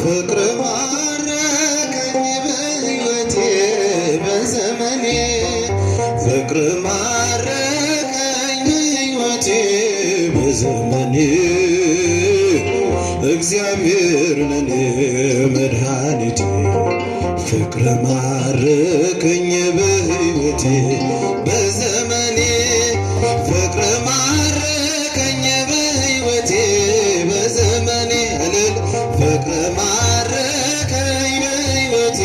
ፍቅር ባረከኝ በሕይወቴ በዘመኔ ፍቅር ማረከኝ በዘመኔ እግዚአብሔር ነኔ መድኃኒቴ ፍቅር ማረከኝ ማረከኝ በሕይወቴ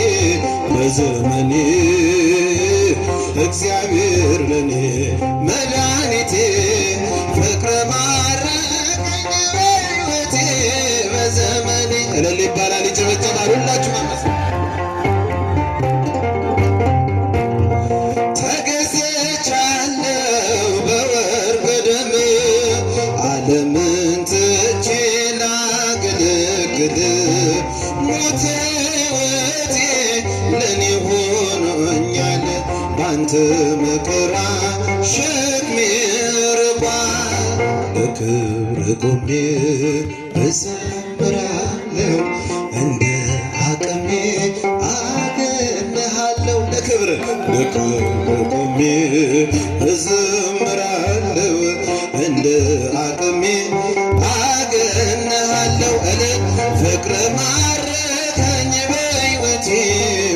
በዘመኔ እግዚአብሔር ለኔ ሞቴ ወቴ ለኔ ሆኖኛል ባንተ መከራ ሸክሜ ርቋል። በክብር ቆሜ እዘምራለሁ እንደ አቅሜ አገንሃለሁ ለክብር በክብር ቆሜ እዘምራለሁ እንደ ማረከኝ በሕይወቴ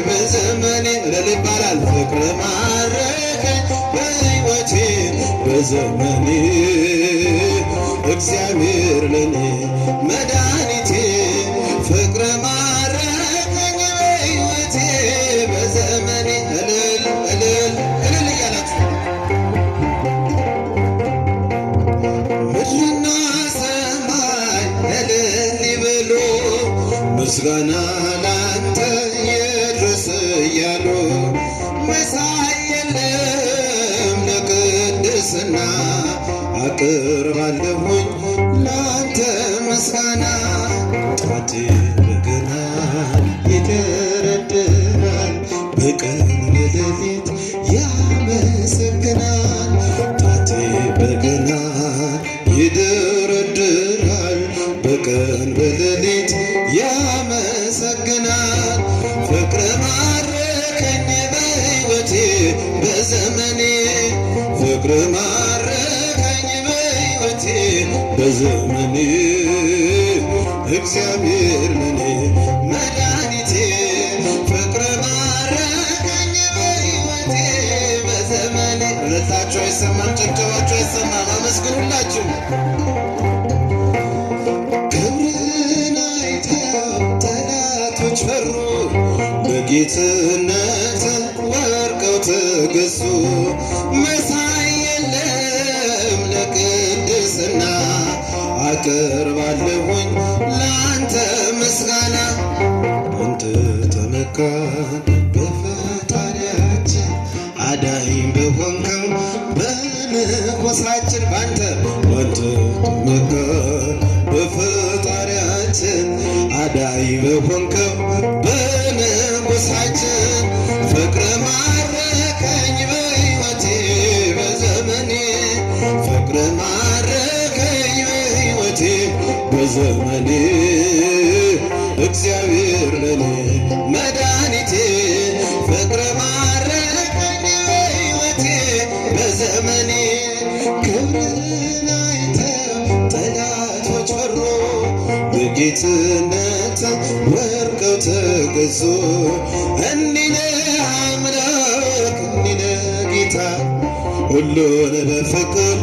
በዘመኔ እልል ይባላል። ፍቅር ማረከኝ በሕይወቴ በዘመኔ እግዚአብሔር ለኔ መዳ ምስጋና ላንተ ይድረስ እያሉ መሳይ የለም ለቅድስና አቅርባለሁኝ ላንተ ምስጋና ጣት በገና ይደረድራል በቀን በሌሊት በዘመን እግዚአብሔር ምን መድኃኒቴ ፍቅር ማረከኝ በሕይወቴ በዘመኔ ረታቸው አይሰማም፣ ጭብጨባቸው አይሰማም። አመስግኑላችሁ ክብርን አይተው ጠላቶች ፈሩ በጌትነት አቀርባለሁኝ ለአንተ ምስጋና አንተ ተመካን በፈጣሪያችን አዳኝ በሆንከው በንጉሳችን ባንተ አንተ ተመካን በፈጣሪያችን አዳኝ በሆንከው በሕይወቴ በዘመኔ እግዚአብሔር ለኔ መድኃኒቴ ፍቅር በዘመኔ አይተው ጠላቶች ፈሩ በጌትነት ወርቀው ተገዙ እንዲነ አምላክ ጌታ ሁሉን በፍቅር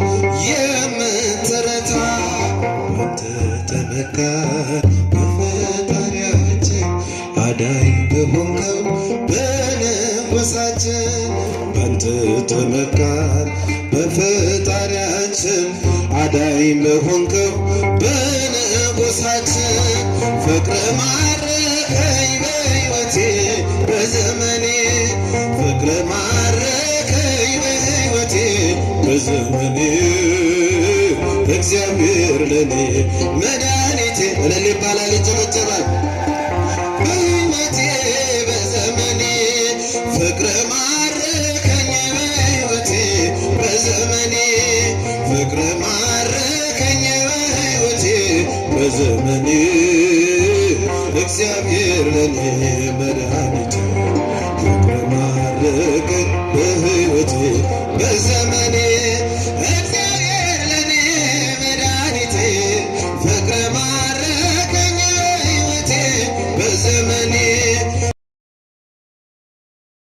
ባንተ ተመካን በፈጣሪያችን አዳኝ በሆንከው በንጉሳችን ፍቅር ማረከኝ በሕይወቴ በዘመኔ ፍቅር ማረከኝ በሕይወቴ በዘመኔ እግዚአብሔር ለኔ መድኃኒቴ እልል ይባላል ይጨበጨባል። እግዚአብሔር ለኔ መድኃኒቴ ፍቅር ማረቅን በሕይወቴ በዘመኔ